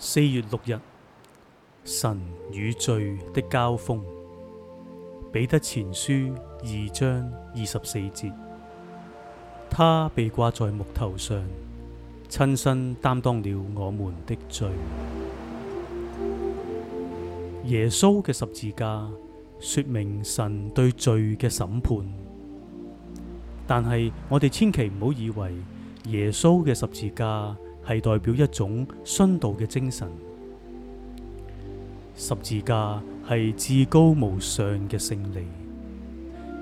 四月六日，神與罪的交鋒。彼得前書二章二十四節，他被掛在木頭上，親身擔當了我們的罪。耶穌嘅十字架說明神對罪嘅審判，但係我哋千祈唔好以為耶穌嘅十字架。係代表一種殉道嘅精神。十字架係至高無上嘅勝利，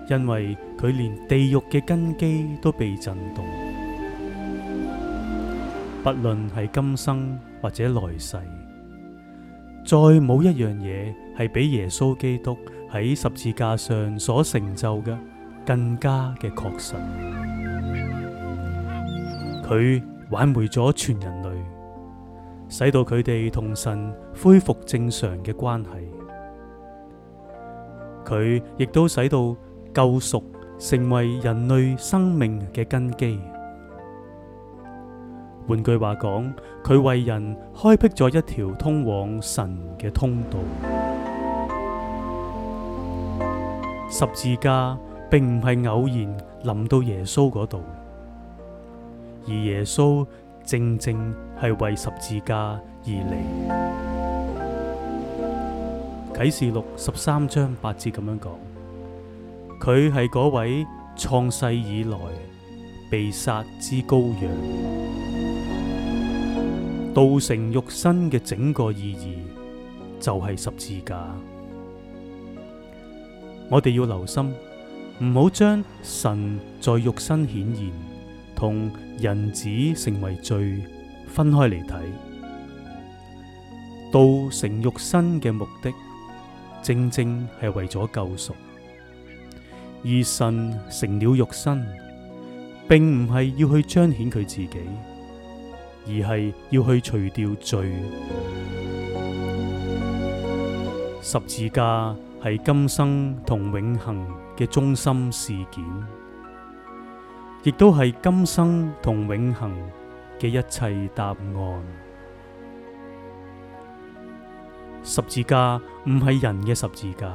因為佢連地獄嘅根基都被震動。不論係今生或者來世，再冇一樣嘢係比耶穌基督喺十字架上所成就嘅更加嘅確實。佢。挽回咗全人類，使到佢哋同神恢復正常嘅關係。佢亦都使到救贖成為人類生命嘅根基。換句話講，佢為人開闢咗一條通往神嘅通道。十字架並唔係偶然臨到耶穌嗰度。而耶穌正正係為十字架而嚟。《啟示錄》十三章八節咁樣講，佢係嗰位創世以來被殺之羔羊，道成肉身嘅整個意義就係十字架。我哋要留心，唔好將神在肉身顯現。同人子成為罪分開嚟睇，道成肉身嘅目的，正正係為咗救贖。而神成了肉身，並唔係要去彰顯佢自己，而係要去除掉罪。十字架係今生同永恒嘅中心事件。亦都係今生同永恆嘅一切答案。十字架唔係人嘅十字架，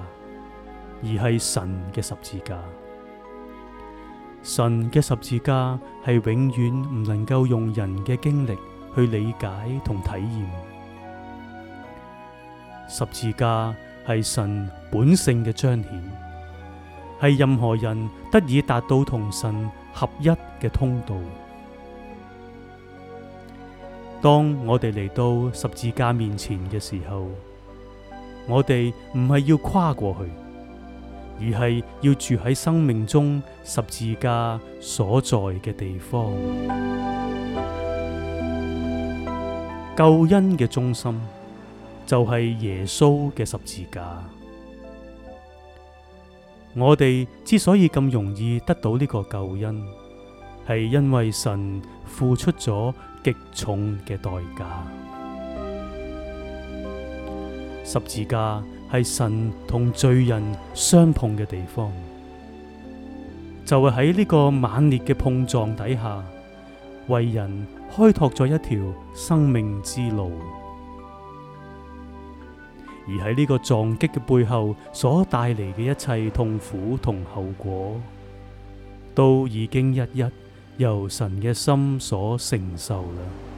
而係神嘅十字架。神嘅十字架係永遠唔能夠用人嘅經歷去理解同體驗。十字架係神本性嘅彰顯，係任何人得以達到同神，合一嘅通道。當我哋嚟到十字架面前嘅時候，我哋唔係要跨過去，而係要住喺生命中十字架所在嘅地方。救恩嘅中心就係耶穌嘅十字架。我哋之所以咁容易得到呢個救恩，係因為神付出咗極重嘅代價。十字架係神同罪人相碰嘅地方，就會喺呢個猛烈嘅碰撞底下，為人開拓咗一條生命之路。而喺呢個撞擊嘅背後，所帶嚟嘅一切痛苦同後果，都已經一一由神嘅心所承受啦。